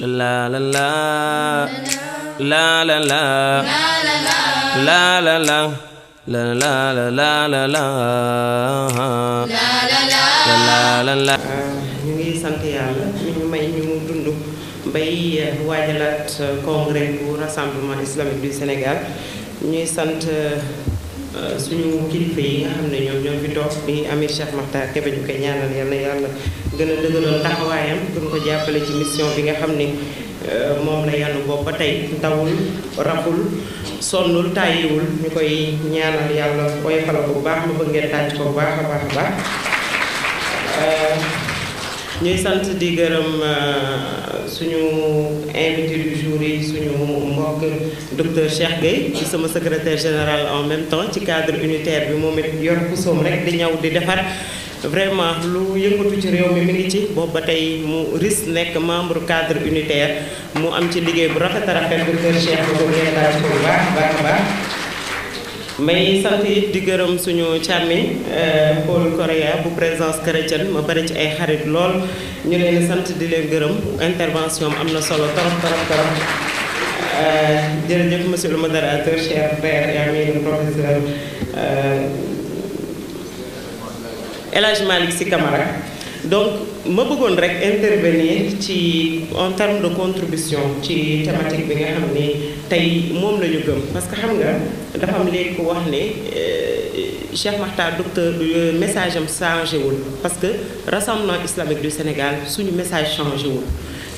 la la la la la la la la la la la la la la la la ñu ngi sant yàlla ñu ngi may ñu dund bay waajalaat congrès bu rassemblement islamique du Sénégal ñuy sant euh, suñu kilifa yi nga xam ne ñoom ñoo fi toog bi Amir Cheikh Makhtar Kébé ñu koy ñaanal yàlla yàlla gën a dëgëral taxawaayam gën ko jàppale ci mission bi nga xam ni euh, moom la yàlla bopp ba tey dawul rappul sonnul tàyyiwul ñu koy ñaanal yàlla koy xala bu baax ma bëgg ngeen tàcc ko bu baax a baax a baax euh, ñuy sant di gërëm euh, suñu invité du jour yi suñu mbokk docteur Cheikh Gueye ci sama secretaire général en même temps ci cadre unitaire bi moom it yor pusoom rek di ñaw di defar vraiment lu yëngatu ci réew mi mu ngi ci boobu ba tey mu RIS nekk membre cadre unitaire mu am ci liggéey bu rafet a rafet bu kër Cheikh bu baax baax baax may sant di gërëm suñu càmmiñ euh, Paul Correa bu présence chrétienne ma bari ci ay xarit lool ñu leen sant di leen gërëm intervention am na solo torop torop torop ma euh, monsieur le modérateur cher père Yamine professeur euh, El Hadj Malick Sy Camara donc ma bëggoon rek intervenir ci en terme de contribution ci thématique bi nga xam ne tey moom lañu ñu gëm parce que xam nga dafa am léegi ko wax ne euh, Cheikh Makhtar docteur euh, message am changé wul parce que rassemblement islamique du Sénégal suñu message changé wul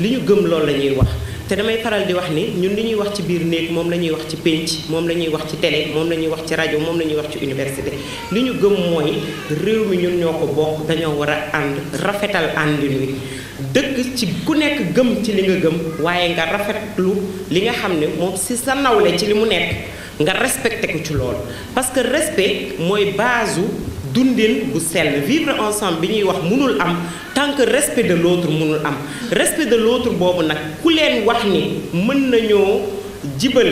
li ñu gëm loolu la ñuy wax te damay faral di wax ni ñun li ñuy wax ci biir néeg moom la ñuy wax ci pénc moom la ñuy wax ci tele moom la ñuy wax ci rajo moom lañuy wax ci université li ñu gëm mooy réew mi ñun ñoo ko bokk dañoo war a ànd rafetal àndin wi dëkk ci ku nekk gëm ci li nga gëm waaye nga rafet lu li nga xam ne moom si sa nawle ci li mu nekk nga respecté ku ci loolu parce que respect mooy base dundin bu sell vivre ensemble bi ñuy wax munul am tant que respect de l'autre munul am respect de l'autre boobu nag ku leen wax ni mën nañoo jibal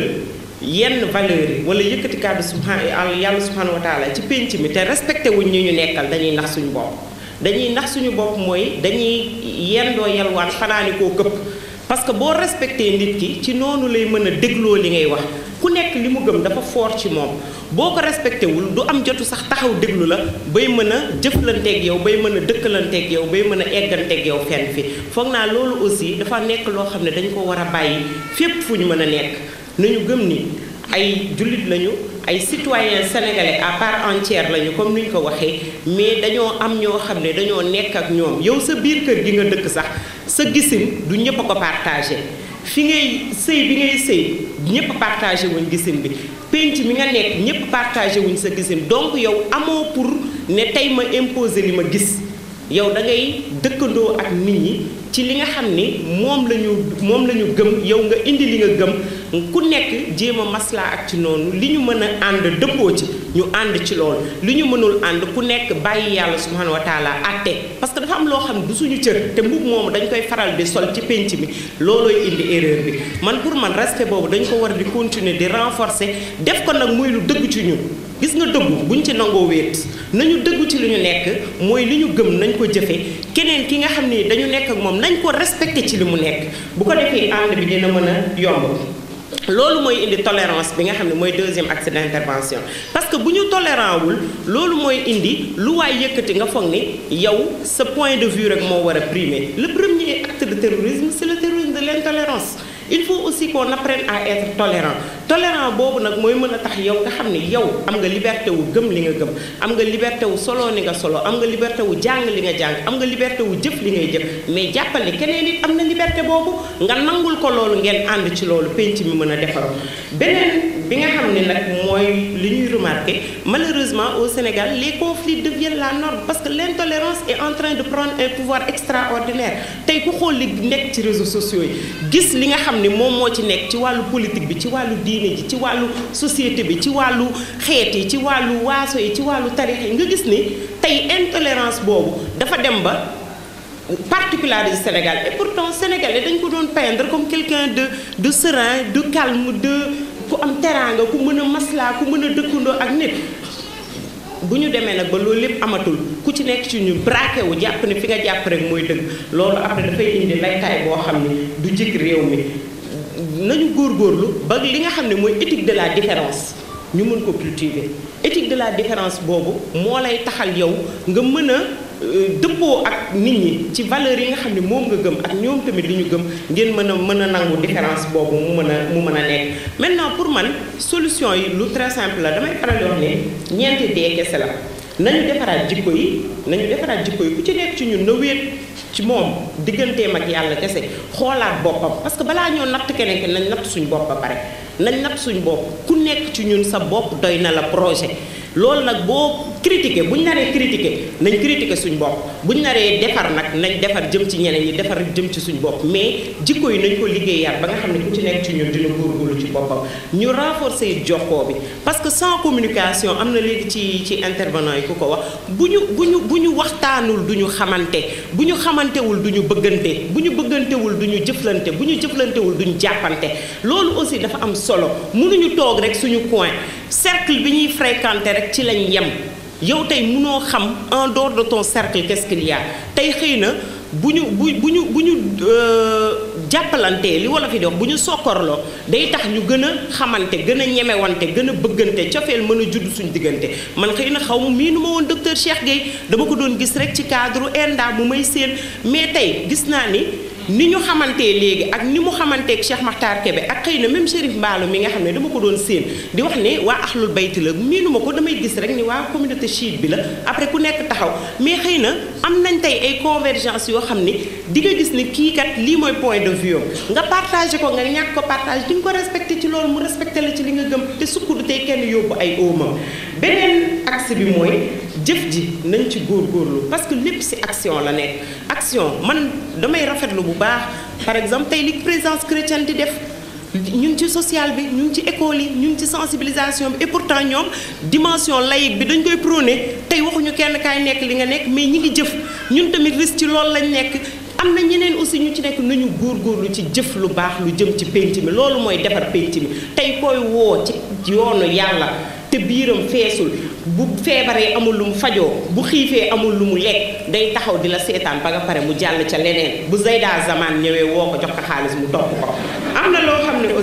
yenn valeurs yi wala yëkkati kàddu subhan yàlla subhanahu wa taala ci pénc mi te respecté wuñ ñu ñu nekkal dañuy nax suñu bopp dañuy nax suñu bopp mooy dañuy yendoo yelwaat fanaani koo këpp parce que boo respecté nit ki ci noonu lay mën a dégloo li ngay wax ku nekk li mu gëm dafa foor ci moom boo ko respecté wul du am jotu sax taxaw déglu la bay mën a jëflanteeg yow bay mën a dëkkalanteeg yow bay mën a egganteeg yow fenn fi foog naa loolu aussi dafa nekk loo xam ne dañu ko war a bàyyi fépp fu ñu mën a nekk nañu gëm ni ay jullit lañu ay citoyens sénégalais à part entière lañu comme ni ñu ko waxee mais dañoo am ñoo xam ne dañoo nekk ak ñoom yow sa biir kër gi nga dëkk sax sa gisin du ñëpp ko partagé fi ngay sëy bi ngay sëy ñëpp partagé wuñ gisin bi penc mi nga nekk ñëpp partagé wuñ sa gisin donc yow amoo pour ne tey ma imposer li ma gis yow da ngay dëkkandoo ak nit ñi ci li nga xam ni moom la ñu moom la ñu gëm yow nga indi li nga gëm ku nekk jéem a maslaa ak ci noonu li ñu mën a ànd dëppoo ci ñu ànd ci loolu lu ñu mënul ànd ku nekk bàyyi yàlla subhanahu wa taala àtte parce que dafa am loo xam du suñu cër te mbubb moomu dañ koy faral di sol ci pénc bi loolooy indi erreur bi man pour man respect boobu dañ ko war di continuer di renforcer def ko nag muy lu dëggu ci ñun gis nga dëggu buñ ci nangoo wéet nañu dëggu ci lu ñu nekk mooy li ñu gëm nañ ko jëfe keneen ki nga xam ni dañu nekk ak moom nañ ko respecté ci li mu nekk bu ko defee ànd bi dina mën a yomb loolu mooy indi tolérance bi nga xam ne mooy deuxième axe d'intervention parce que bu ñu tolérant wul loolu mooy indi lu waay yëkkati nga foog ni yow sa point de vue rek moo war a primer le premier acte de terrorisme c'est le terrorisme de l'intolérance il faut aussi qu'on apprenne à être toléran tolérant boobu nag mooy mën a tax yow nga xam ne yow am nga liberté wu gëm li nga gëm am nga liberté wu solo ni nga solo am nga liberté wu jàng li nga jàng am nga liberté wu jëf li ngay jëf mais jàppal ne keneen it am na liberté boobu nga nangul ko loolu ngeen ànd ci loolu penc mi mën a defaroo beneen bi nga xam ne nag mooy li ñuy remarquer malheureusement au Sénégal les conflits deviennent la norme parce que l'intolérance est en train de prendre un pouvoir extraordinaire tey ku xool li nekk ci réseau sociaux yi gis li nga xam ne moom moo ci nekk ci wàllu politique bi ci wàllu diine ji ci wàllu société bi ci wàllu xeet yi ci wàllu waaso yi ci wàllu tarix yi nga gis ni tey intolérance boobu dafa dem ba particularité du Sénégal et pourtant sénégalais dañ ko doon peindre comme quelqu'un de de serein de calme de ku am teraanga ku mën a maslaa ku mën a dëkkandoo ak nit bu ñu demee nag ba loolu lépp amatul ku ci nekk ci ñu braqué wu jàpp ne fi nga jàpp rek mooy dëgg loolu après dafay indi laytaay boo xam ne du jig réew mi nañu góor góorlu ba li nga xam ne mooy éthique de la différence ñu mën ko cultiver éthique de la différence boobu moo lay taxal yow nga mën a dëppoo ak nit ñi ci valeurs yi nga xam ne moom nga gëm ak ñoom tamit lu ñu gëm ngeen mën a mën a nangu différence boobu mu mën a mu mën a nekk maintenant pour man solution yi lu très la damay faral wax ne ñeenti dee kese la nañu defaraat jikko yi nañu defaraat jikko yi ku ci nekk ci ñun na wéet ci moom digganteem ak yàlla kese xoolaat boppam parce que balaa ñoo natt keneen ki nañ natt suñ bopp a pare nañ natt suñ bopp ku nekk ci ñun sa bopp doy na la projet loolu nag boo critiquer bu ñu naree critiquer nañ critiquer suñu bopp bu ñu naree defar nag nañ defar jëm ci ñeneen ñi defar jëm ci suñu bopp mais jikko yi nañ ko liggéeyaat ba nga xam ne ku ci nekk ci ñun dina góorgóorlu ci boppam ñu renforcer jokkoo bi parce que sans communication am na léegi ci ci intervenant yi ku ko wax bu ñu bu ñu bu ñu waxtaanul du ñu xamante bu ñu xamantewul du ñu bëggante bu ñu bëggantewul du ñu jëflante bu ñu jëflantewul du ñu jàppante loolu aussi dafa am solo mënuñu toog rek suñu coin cercle bi ñuy fréquenter rek ci lañ yem yow tey noo xam en dehors de ton cercle qu'est-ce tey xëy na bu ñu bu bu ñu bu ñu euh, jàppalantee li wala fi di wax bu ñu sokkorloo day tax ñu gën a xamante gën a ñemewante gën a bëggante cofeel mën a juddu suñu diggante man xëy na xaw ma mii nu ma woon docteur Cheikh Gueye dama ko doon gis rek ci cadre indaa mu may séen mais tey gis naa ni ni ñu xamantee léegi ak ni mu xamante Cheikh Makhtar Kébé ak xëy na même Chérif Mballo mi nga xam ne dama ko doon séen di wax ne waa axlul bayti la miinu ma ko damay gis rek ni waa communauté chiite bi la après ku nekk taxaw mais xëy na am nañ tey ay convergence yoo xam ne di nga gis ne kii kat lii mooy point de vue nga partagé ko nga ñàkk ko partage di nga ko respecté ci loolu mu respecté la ci li nga gëm te sukkandu tey kenn yóbbu ay oomam beneen axe bi mooy jëf ji nañ ci góor góorlu parce que lépp ci action la nekk action man damay rafetlu bu baax par exemple tey li présence chrétienne di def ñun ci social bi ñu ngi ci école yi ñu ci sensibilisation bi et pourtant ñoom dimension laïque bi dañ koy prôné tey waxuñu kenn kaay nekk li nga nekk mais ñi ngi jëf ñun tamit risque ci loolu lañ nekk am na ñeneen aussi ñu ci nekk nañu lu ci jëf lu baax lu jëm ci pénc mi loolu mooy defar pénc mi tey koy woo ci yoonu yàlla te biiram feesul bu feebaree amul lu mu fajoo bu xiifee amul lu mu lekk day taxaw di la seetaan ba nga pare mu jàll ca leneen bu Zeyda Zaman ñëwee woo ko jox ko xaalis mu topp ko ah?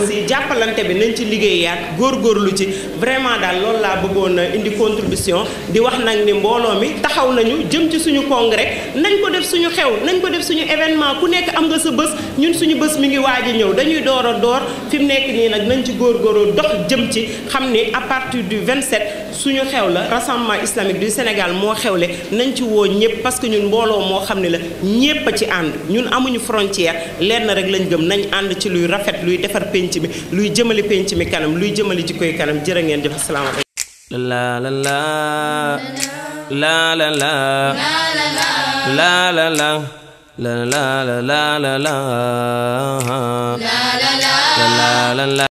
aussi jàppalante bi nañ ci liggéeyaat lu ci vraiment daal loolu laa bëggoon na indi contribution di wax nag ni mbooloo mi taxaw nañu jëm ci suñu congrès nañ ko def suñu xew nañ ko def suñu événement ku nekk am nga sa bës ñun suñu bës mi ngi waaj a ñëw dañuy door a door fi mu nekk nii nag nañ ci góor góorgóorlu dox jëm ci xam ni à partir du 27 suñu xew la rassemblement islamique du Sénégal moo xew xewle nañ ci woo ñëpp parce que ñun mbooloo moo xam ne la ñëpp a ci ànd ñun amuñu frontière lenn rek lañ gëm nañ ànd ci luy rafet luy penc mi luy jëmale penc mi kanam luy jëmale jikko yi kanam jërë ngeen jëf asalaamaaleykum. la la la la la la la la la la la la la la la la la la la